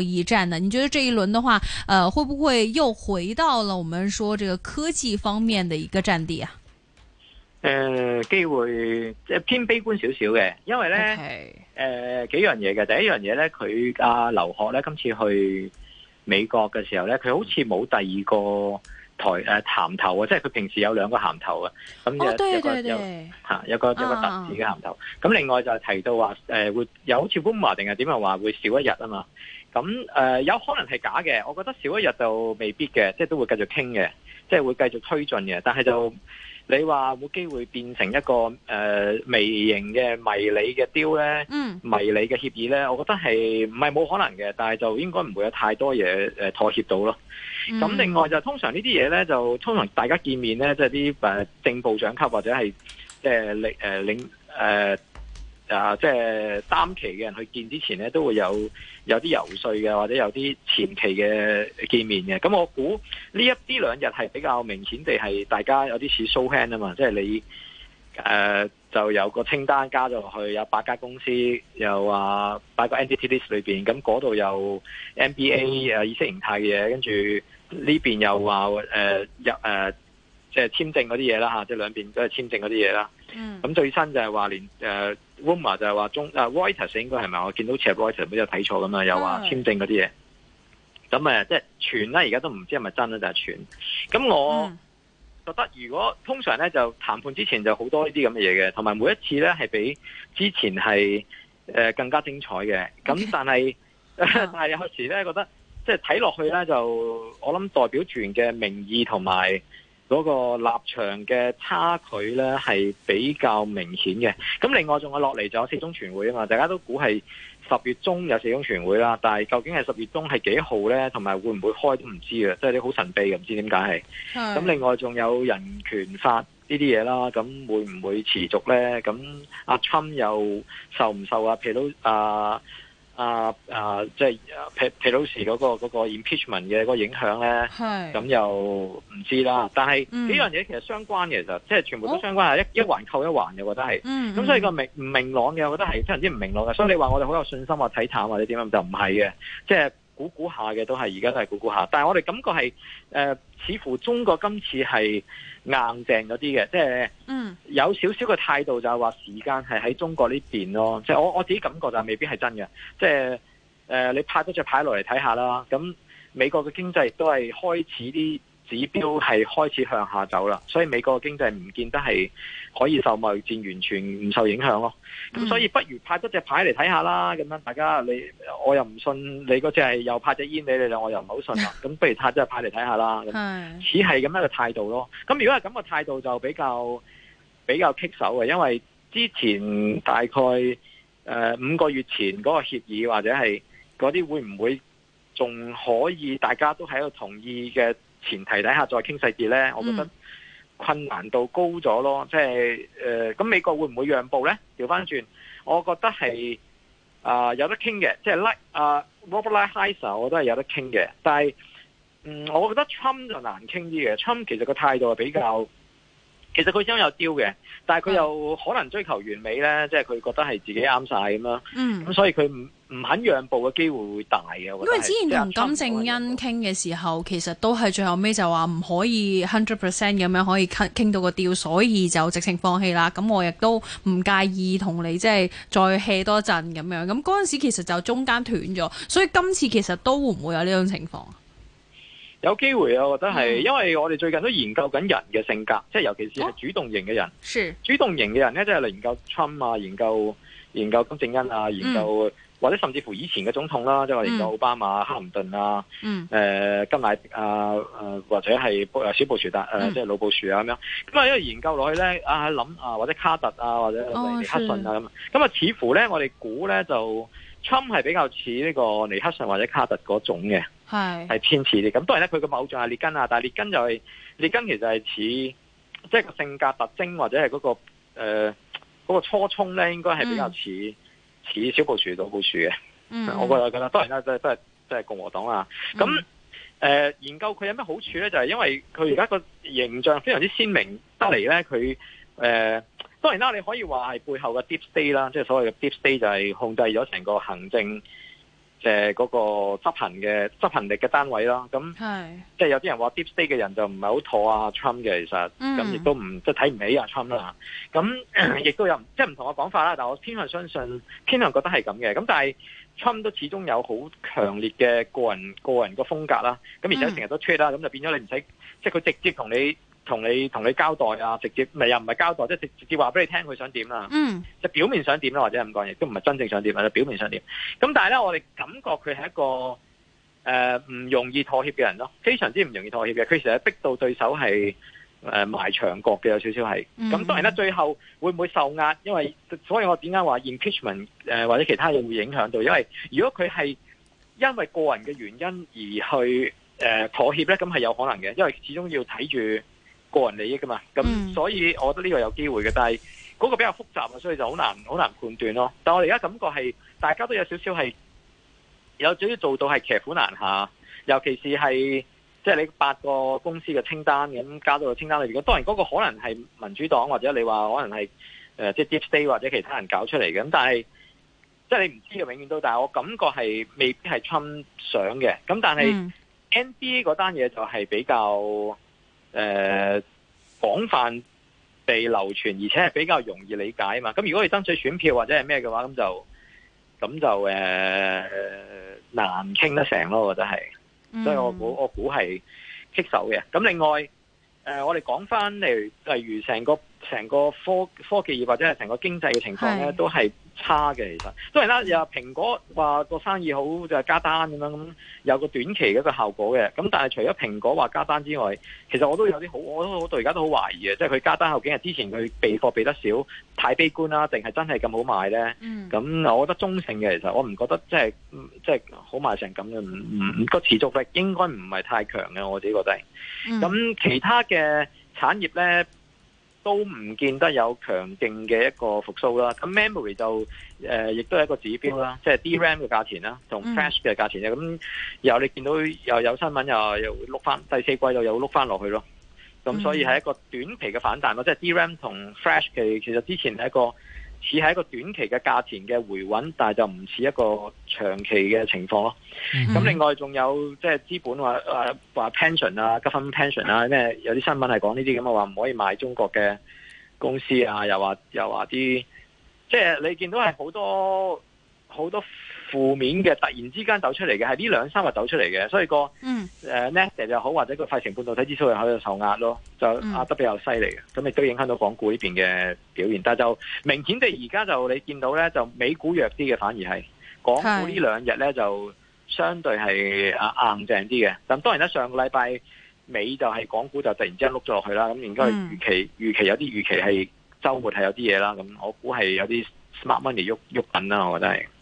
一戰呢，你覺得這一輪的話，呃，會不會又回到了我們說這個科技方面的一個戰地啊？誒、呃，機會即偏悲觀少少嘅，因為呢誒 Okay.、呃、幾樣嘢嘅，第一樣嘢呢，佢阿劉鶴今次去美國嘅時候呢，佢好似冇第二個台誒銜頭啊，即係佢平時有兩個銜頭啊，咁有對對對一個有一個特使嘅銜頭，咁、啊啊、另外就提到話誒、呃、會有好似溫華定係點啊話會少一日啊嘛。咁誒、呃、有可能係假嘅，我覺得少一日就未必嘅，即係都會繼續傾嘅，即係會繼續推進嘅。但係就你話冇機會變成一個誒、呃、微型嘅迷你嘅 deal 呢，嗯、迷你嘅協議咧，我覺得係唔係冇可能嘅，但係就應該唔會有太多嘢誒、呃、妥協到咯。咁、嗯、另外就通常呢啲嘢咧，就通常大家見面咧，即係啲誒政部長級或者係即係領、呃啊，即係三期嘅人去見之前咧，都會有有啲游説嘅，或者有啲前期嘅見面嘅。咁我估呢一呢兩日係比較明顯地係大家有啲似 show hand 啊嘛，即係你誒，呃，就有個清單加咗落去，有八家公司又話擺個 entity list 裏面。咁嗰度有 NBA 意識形態嘅嘢，跟住呢邊又話誒入誒即係簽證嗰啲嘢啦吓，即係兩邊都係簽證嗰啲嘢啦。咁，嗯，啊，最新就係話連誒。呃溫話就係話中啊，writer 先應該係咪？我見到寫 writer，我有睇錯咁啊，有話簽證嗰啲嘢。咁誒，即係傳啦，而家都唔知係咪真咧，就係、是、傳。咁、就是、我覺得如果通常咧，就談判之前就好多呢啲咁嘅嘢嘅，同埋每一次咧係比之前係誒更加精彩嘅。咁但係、oh. 但係有時咧覺得即係睇落去咧，就，是、呢就我諗代表團嘅名義同埋。嗰個立場嘅差距呢係比較明顯嘅。咁另外仲有落嚟，仲有四中全會啊嘛，大家都估係十月中有四中全會啦。但係究竟係十月中係幾號呢？同埋會唔會開都唔知啊，即係你好神秘嘅，唔知點解係。咁係嘅另外仲有人權法呢啲嘢啦，咁會唔會持續呢？咁阿春又受唔受啊？譬如都啊？啊啊，即係 Pelosi 嗰個嗰、那個 impeachment 嘅個影響咧，咁是又唔知啦。但係呢樣嘢其實相關嘅，其實即係全部都相關，哦、一一環扣一環嘅，我覺得係。咁所以個明唔明朗嘅，我覺得係非常之唔明朗嘅。所以你話我哋好有信心話、啊、睇淡或者點樣，就唔係嘅，即係。估估下嘅都係而家都係估估下，但係我哋感覺係誒、呃，似乎中國今次係硬淨咗啲嘅，即係有少少嘅態度就係話時間係喺中國呢邊咯，即係我我自己感覺就未必係真嘅，即係誒、呃，你派多隻牌落嚟睇下啦，咁美國嘅經濟都係開始啲。指標係開始向下走啦，所以美國經濟唔見得係可以受貿易戰完全唔受影響咯。咁所以不如派多隻牌嚟睇下啦，咁樣大家你我又唔信你嗰隻係又派隻煙俾你啦，我又唔好信啦。咁不，不如派隻牌嚟睇下啦，似係咁樣嘅態度咯。咁如果係咁個態度就比較比較棘手嘅，因為之前大概誒、呃、五個月前嗰個協議或者係嗰啲會唔會仲可以大家都喺度同意嘅？前提底下再傾細節咧，我覺得困難度高咗咯。嗯、即係誒咁美國會唔會讓步咧？調翻轉，我覺得係啊、呃、有得傾嘅，即係 like 啊 Robert Lighthizer 我都係有得傾嘅。但係嗯，我覺得 Trump 就難傾啲嘅。Trump 其實個態度係比較，其實佢想有 deal 嘅，但係佢又可能追求完美咧，嗯、即係佢覺得係自己啱晒咁樣，嗯，咁所以佢唔。唔肯讓步嘅機會會大嘅，因為之前同金正恩傾嘅時候，其實都係最後尾就話唔可以 hundred percent 咁樣可以傾到個調，所以就直情放棄啦。咁我亦都唔介意同你即係再 hea 多陣咁樣。咁嗰陣時其實就中間斷咗，所以今次其實都會唔會有呢種情況啊？有機會啊，我覺得係，嗯、因為我哋最近都研究緊人嘅性格，即係尤其是係主動型嘅人，哦、是主動型嘅人呢，即係嚟研究侵啊，研究研究金正恩啊，研究、嗯。或者甚至乎以前嘅總統啦，即係我例如奧巴馬、嗯、克林頓啊，嗯，誒、呃，金乃迪啊，誒、呃，或者係小布殊、嗯呃就是、啊，誒，即係老布殊啊咁樣。咁啊，因為研究落去咧，啊，諗啊，或者卡特啊，或者尼克遜啊咁。咁啊、哦，似乎咧，我哋估咧就，侵係比較似呢個尼克遜或者卡特嗰種嘅。係係的偏似啲。咁當然咧，佢嘅偶像係列根啊，但係列根就係、是、列根，其實係似，即係個性格特徵或者係嗰、那個誒嗰、呃那個初衷咧，應該係比較似、嗯。似小部署、到部署嘅，我覺得覺得當然啦，都係都係都係共和黨啦。咁誒、嗯呃、研究佢有咩好處咧？就係、是、因為佢而家個形象非常之鮮明得嚟咧，佢誒、呃、當然啦，你可以話係背後嘅 deep state 啦，即係所謂嘅 deep state 就係控制咗成個行政。誒嗰、呃那個執行嘅執行力嘅單位啦，咁是即係有啲人話 Deep State 嘅人就唔係好妥啊 Trump 嘅其實，咁亦、嗯、都唔即係睇唔起啊 Trump 啦，咁亦都有即係唔同嘅講法啦，但我偏向相信，偏向覺得係咁嘅，咁但係 Trump 都始終有好強烈嘅個人個人嘅風格啦，咁而且成日都 tweet、er, 啦、嗯，咁就變咗你唔使即係佢直接同你。同你同你交代啊，直接咪又唔係交代，即係直接話俾你聽佢想點啦。嗯，就表面想點啦，或者係咁講，亦都唔係真正想點，或者表面想點。咁但係咧，我哋感覺佢係一個誒唔、呃、容易妥協嘅人咯，非常之唔容易妥協嘅。佢成日逼到對手係誒、呃、埋牆角嘅，有少少係。咁當然呢，嗯、最後會唔會受壓？因為所以我點解話 impeachment、呃、或者其他嘢會影響到？因為如果佢係因為個人嘅原因而去誒、呃、妥協咧，咁係有可能嘅。因為始終要睇住。個人利益㗎嘛，咁所以我覺得呢個有機會嘅，但係嗰個比較複雜啊，所以就好難好難判斷咯。但係我而家感覺係大家都有少少係有，少少做到係騎虎難下，尤其是係即係你八個公司嘅清單咁加到個清單裏。如果當然嗰個可能係民主黨或者你話可能係誒、呃、即係 Deep State 或者其他人搞出嚟嘅，咁但係即係你唔知嘅永遠都。但係我感覺係未必係侵想嘅。咁但係 NBA 嗰單嘢就係比較。誒，廣泛地流傳，而且係比較容易理解嘛。咁如果你爭取選票或者係咩嘅話，咁就咁就誒、呃、難傾得成咯。我覺得係，嗯、所以我估我估係棘手嘅。咁另外，誒、呃、我哋講翻嚟，例如成個成個科科技業或者係成個經濟嘅情況咧，是都係。差嘅，其實都係啦。又蘋果話個生意好就係加單咁樣，有個短期一個效果嘅。咁但係除咗蘋果話加單之外，其實我都有啲好，我到都到而家都好懷疑嘅。即係佢加單後，竟係之前佢備貨備得少，太悲觀啦，定係真係咁好賣呢？咁、嗯、我覺得中性嘅，其實我唔覺得即係即係好賣成咁嘅，唔個持續力應該唔係太強嘅，我自己覺得。咁、嗯、其他嘅產業呢？都唔見得有強勁嘅一個復甦啦，咁 memory 就誒、呃、亦都係一個指標啦，即係 DRAM 嘅價錢啦，同 Flash 嘅價錢咧，咁然後、嗯、你見到又有新聞又又碌翻第四季又碌翻落去咯，咁所以係一個短期嘅反彈咯，即係、嗯、DRAM 同 Flash 嘅其，其實之前係一個。似係一個短期嘅價錢嘅回穩，但係就唔似一個長期嘅情況咯。咁另外仲有即係資本話話話 pension 啊、急分 pension 啊，咩有啲新聞係講呢啲咁嘅話唔可以買中國嘅公司啊，又話又話啲即係你見到係好多好多。負面嘅突然之間走出嚟嘅係呢兩三日走出嚟嘅，所以、個誒納斯達又好，或者個費城半導體指數又喺度受壓咯，就壓得比較犀利嘅，咁亦都影響到港股呢邊嘅表現。但係就明顯地而家就你見到咧，就美股弱啲嘅，反而係港股這兩天呢兩日咧就相對係硬硬淨啲嘅。咁當然啦，上個禮拜尾就係港股就突然之間碌咗落去啦，咁應該預期、嗯、預期有啲預期係週末係有啲嘢啦。咁我估係有啲 smart money 喐喐緊啦，我覺得係。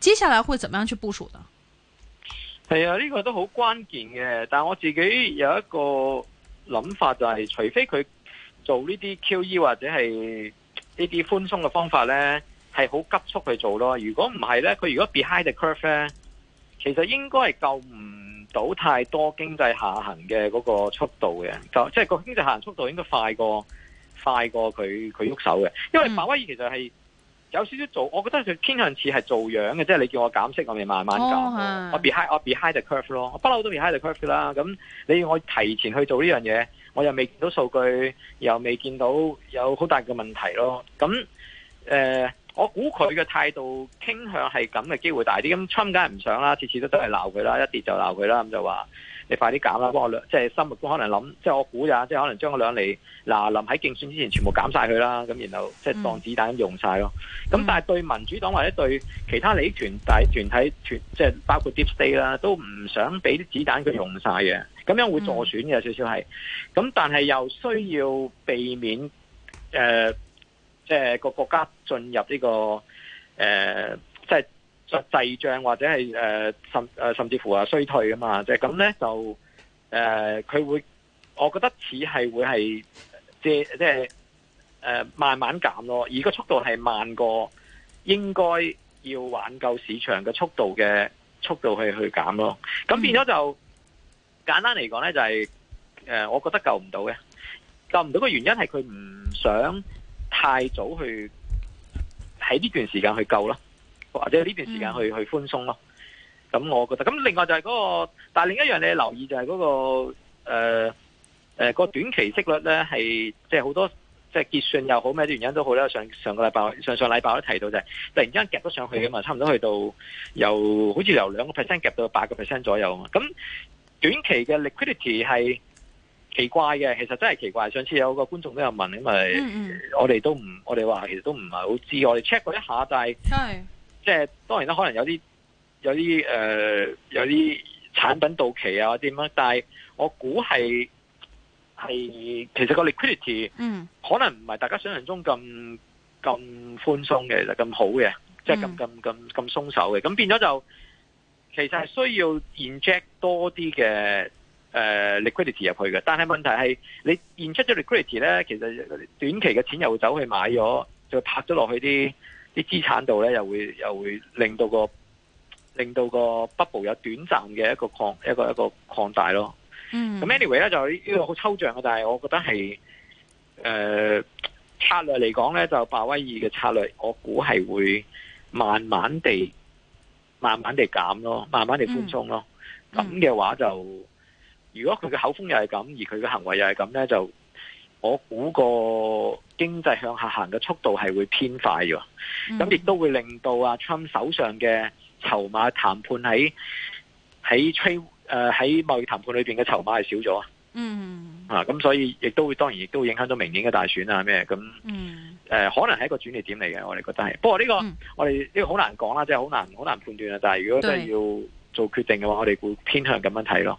接下來會怎麼樣去部署呢？係啊，呢、呢個都好關鍵嘅。但係我自己有一個諗法，就係，就係除非佢做呢啲 QE 或者係呢啲寬鬆嘅方法呢係好急速去做咯。如果唔係呢，佢如果 behind the curve 呢，其實應該係救唔到太多經濟下行嘅嗰個速度嘅。就即係個經濟下行速度應該快過快過佢佢喐手嘅，因為鮑威爾其實係。嗯有少少做，我覺得佢偏向似係做樣嘅，即係你叫我減息，我咪慢慢減、oh, yeah. 我 behind，我 behind the curve 咯，我不嬲都 behind the curve 啦。咁你要我提前去做呢樣嘢，我又未見到數據，又未見到有好大嘅問題咯。咁誒。呃我估佢嘅態度傾向係咁嘅機會大啲，咁 Trump 梗係唔想啦，次次都都係鬧佢啦，一跌就鬧佢啦，咁就話你快啲減啦，幫我，即係心目中可能諗，即係我估呀，即係可能將佢兩嚟嗱臨喺競選之前全部減晒佢啦，咁然後即係當子彈用晒咯。咁、嗯嗯、但係對民主黨或者對其他你啲團體團體團，即係包括 deep state 啦，都唔想俾啲子彈佢用晒嘅，咁樣會助選嘅、嗯、少少係。咁但係又需要避免誒。呃即係個國家進入呢、這個誒，即係滯脹或者係誒、呃、甚誒甚至乎啊衰退啊嘛，即係咁咧就誒、是、佢、呃、會，我覺得似係會係借即係誒慢慢減咯，而個速度係慢過應該要挽救市場嘅速度嘅速度去去減咯。咁變咗就簡單嚟講咧，就係誒，我覺得救唔到嘅，救唔到嘅原因係佢唔想。太早去喺呢段時間去救咯，或者呢段時間去、嗯、去寬鬆咯。咁我覺得，咁另外就係嗰、那個，但係另一樣你留意就係嗰、那個誒誒、呃呃那個短期息率咧，係即係好多即係、就是、結算又好咩原因都好啦，上上個禮拜上上禮拜我都提到就係、是、突然間夾咗上去嘅嘛，嗯、差唔多去到由好似由兩個 percent 夾到八個 percent 左右啊。咁短期嘅 liquidity 係。奇怪嘅，其實真係奇怪。上次有個觀眾都有問，因為我哋都唔，嗯嗯我哋話其實都唔係好知。我哋 check 過一下，但係即係當然啦，可能有啲有啲誒，有啲、呃、產品到期啊，點樣？但係我估係係其實個 liquidity，嗯，可能唔係大家想象中咁咁寬鬆嘅，就咁好嘅，即係咁咁咁咁鬆手嘅。咁變咗就其實係需要 inject 多啲嘅。誒、uh,，liquidity 入去嘅，但係問題係你印出咗 liquidity 咧，其實短期嘅錢又會走去買咗，就拍咗落去啲啲資產度咧，又會又會令到個令到個 bubble 有短暫嘅一個擴一個一個擴大咯。咁、mm. anyway 咧，就、這、呢個好抽象嘅，但係我覺得係誒、呃、策略嚟講咧，就鮑威爾嘅策略，我估係會慢慢地慢慢地減咯，慢慢地寬鬆咯。咁嘅、mm. mm. 話就。如果佢嘅口風又係咁，而佢嘅行為又係咁呢，就我估個經濟向下行嘅速度係會偏快嘅，咁亦都會令到阿 Trump 手上嘅籌碼談判喺喺誒喺貿易談判裏邊嘅籌碼係少咗、嗯、啊。嗯咁所以亦都會當然亦都影響到明年嘅大選啊咩咁。誒，啊呃嗯、可能係一個轉捩點嚟嘅，我哋覺得係。不過呢、這個、嗯、我哋呢個好難講啦，即係好難好難判斷啊。但係如果真係要做決定嘅話，對 我哋會偏向咁樣睇咯。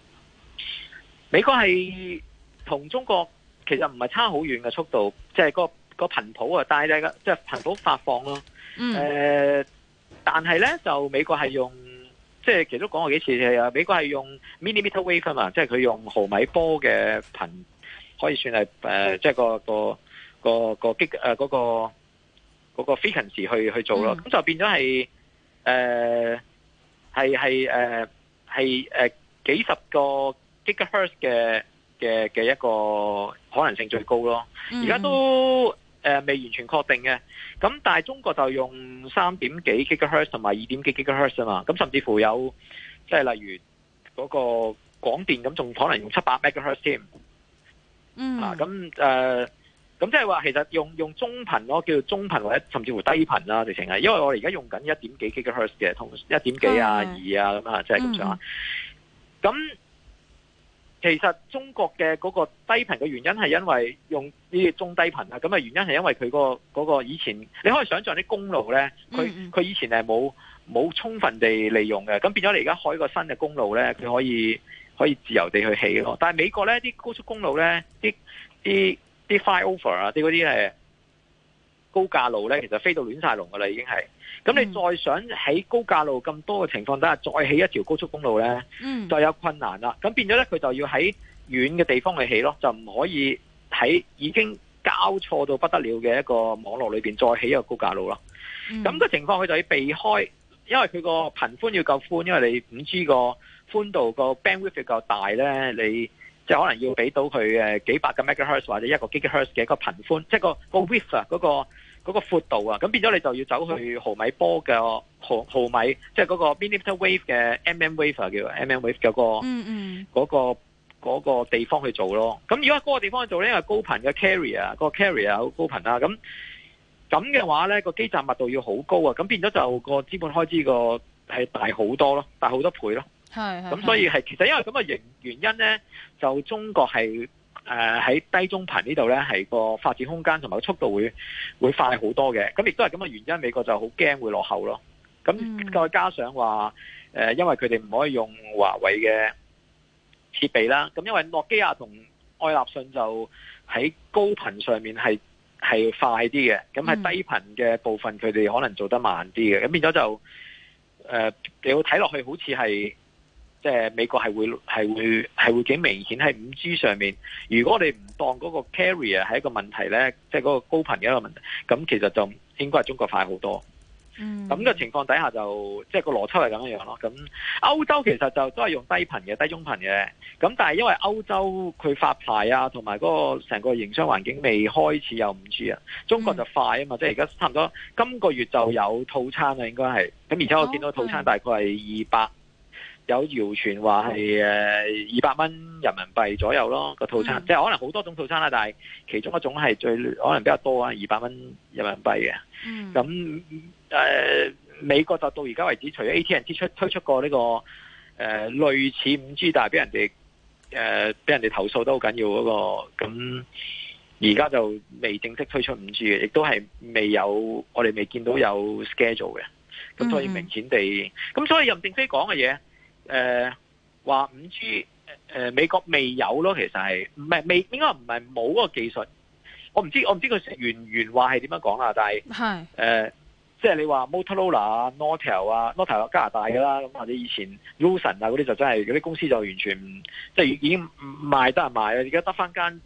美國係同中國其實唔係差好遠嘅速度，即係個個頻譜啊，大量嘅即係頻譜發放咯。誒、嗯呃，但係咧就美國係用，即係其實都講過幾次，係啊，美國係用 millimeter wave 嘛，即係佢用毫米波嘅頻，可以算係誒，即係個個個個激誒嗰個嗰個 frequency 去去做咯。咁、嗯、就變咗係誒係係誒係誒幾十個。GHz 嘅嘅嘅一個可能性最高咯，而家、mm. 都、呃、未完全確定嘅，咁但係中國就用三點幾 GHz 同埋二點幾 GHz 啊嘛，咁甚至乎有即係、就是、例如嗰個廣電咁，仲可能用七百 MHz 添。嗯。咁、呃、誒，咁即係話其實用用中頻咯，叫做中頻或者甚至乎低頻啦，直情係，因為我哋而家用緊一點幾 GHz 嘅同一點幾啊、mm. 二啊咁啊，即係咁上下。咁、mm. 其實中國嘅嗰個低頻嘅原因係因為用呢啲中低頻啊，咁啊原因係因為佢個嗰個以前你可以想像啲公路咧，佢佢以前係冇冇充分地利用嘅，咁變咗你而家開個新嘅公路咧，佢可以可以自由地去起咯。但係美國咧啲高速公路咧，啲啲啲 flyover 啊，啲嗰啲係。高架路咧，其實飛到亂晒龍㗎啦，已經係。咁你再想喺高架路咁多嘅情況底下再起一條高速公路咧，嗯，就有困難啦。咁變咗咧，佢就要喺遠嘅地方嚟起咯，就唔可以喺已經交錯到不得了嘅一個網絡裏面再起一個高架路咯。咁、嗯、個情況佢就要避開，因為佢個頻寬要夠寬，因為你五 G 個寬度個 bandwidth 比較大咧，你。即係可能要俾到佢誒幾百個 megahertz 或者一個 gigahertz 嘅一個頻寬，即係個個 width 啊，嗰個嗰個闊度啊，咁變咗你就要走去毫米波嘅毫毫米，即係嗰個 millimeter wave 嘅 mm wave 叫 mm wave 嘅個，嗰個嗰個地方去做咯。咁如果嗰個地方去做咧，因為高頻嘅 carrier 個 carrier 好高頻啊。咁咁嘅話咧，個基站密度要好高啊，咁變咗就個資本開支個係大好多咯，大好多倍咯。係，咁 所以係，其實因為咁嘅原原因咧，就中國係誒喺低中頻呢度咧係個發展空間同埋個速度會會快好多嘅，咁亦都係咁嘅原因，美國就好驚會落後咯。咁再加上話，誒、呃，因為佢哋唔可以用華為嘅設備啦，咁因為諾基亞同愛立信就喺高頻上面係係快啲嘅，咁喺低頻嘅部分佢哋可能做得慢啲嘅，咁變咗就誒、呃，你要睇落去好似係。即係美國係會係會係會幾明顯喺五 G 上面，如果我哋唔當嗰個 carrier 係一個問題咧，即係嗰個高頻嘅一個問題，咁、就是、其實就應該係中國快好多。嗯，咁嘅情況底下就即係、就是、個邏輯係咁樣樣咯。咁歐洲其實就都係用低頻嘅低中頻嘅，咁但係因為歐洲佢發牌啊，同埋嗰個成個營商環境未開始有五 G 啊，中國就快啊嘛，即係而家差唔多今個月就有套餐啦，應該係，咁而且我見到套餐大概係二百。Okay. 有謠傳話係誒二百蚊人民幣左右咯個套餐，mm. 即係可能好多種套餐啦，但係其中一種係最可能比較多啊，二百蚊人民幣嘅。咁誒、mm. 呃，美國就到而家為止，除咗 AT&T 推出推出過呢、這個誒、呃、類似五 G，但係俾人哋誒俾人哋投訴都好緊要嗰、那個，咁而家就未正式推出五 G 嘅，亦都係未有我哋未見到有 schedule 嘅。咁所以明顯地，咁、mm hmm. 所以任正非講嘅嘢。誒，話五 G 誒美國未有咯，其實係唔係未，未應該唔係冇個技術，我唔知我唔知佢原原話係點樣講啦，但係係誒，即係你話 Motorola 啊、Nortel 啊、Nortel 加拿大噶啦，咁或者以前 Lucent 啊嗰啲就真係嗰啲公司就完全即係、就是、已經賣得唔賣啦，而家得翻間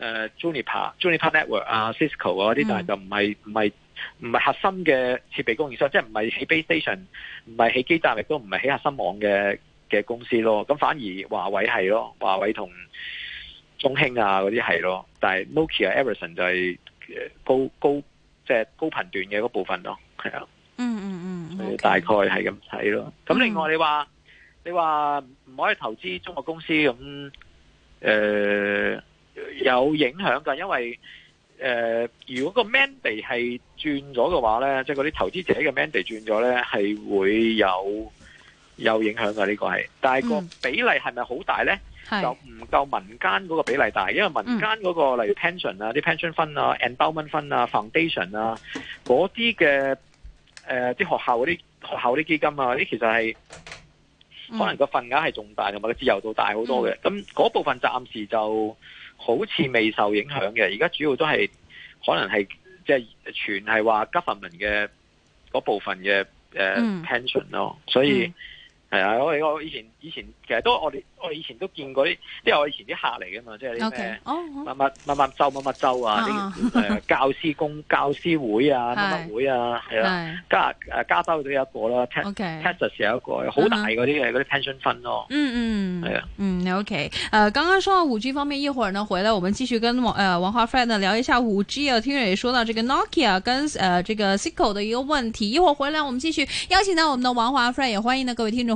誒 Juniper、呃、Juniper Jun Network 啊、Cisco 啊嗰啲，嗯、但係就唔係唔係。唔係核心嘅設備供應商，即係唔係起 base station，e s 唔係起基站，亦都唔係起核心網嘅嘅公司咯。咁反而華為係咯，華為同中興啊嗰啲係咯。但係 Nokia、ok e、Ericsson 就係高高即係高頻段嘅嗰部分咯，係啊、mm。嗯嗯嗯。大概係咁睇咯。咁另外你話你話唔可以投資中國公司咁誒、呃，有影響㗎，因為。誒、呃，如果個 mandate 係轉咗嘅話咧，即係嗰啲投資者嘅 mandate 轉咗咧，係會有有影響㗎。呢個係，但係個比例係咪好大咧？嗯、就唔夠民間嗰個比例大，是因為民間嗰、那個、嗯、例如 pension 啊、嗯、啲 pension fund 啊、endowment fund 啊、foundation 啊嗰啲嘅誒、啲、呃就是、學校嗰啲學校啲基金啊，啲其實係可能個份額係仲大，同埋個自由度大好多嘅。咁嗰、嗯、部分暫時就。好似未受影響嘅，而家主要都係可能係即係全係話 government 嘅嗰部分嘅誒、嗯 uh, pension 咯，所以。嗯係啊，我我以前以前其實都我哋我以前都見過啲，即係我以前啲客嚟嘅嘛，即係啲咩乜乜乜乜州乜乜州啊，啲教師工教師會啊乜乜會啊，係啊，加誒加州都有一個啦，Texas 有一個好大嗰啲嘅嗰啲 pension fund 咯。嗯嗯，係啊，嗯 OK，誒，剛剛講到五 G 方面，一會兒呢回來，我們繼續跟王王華 friend 呢聊一下五 G 啊。聽者也說到這個 Nokia 跟誒這個 Cisco 嘅一個問題，一會兒回來我們繼續邀請到我們的王華 friend，也歡迎呢各位聽眾。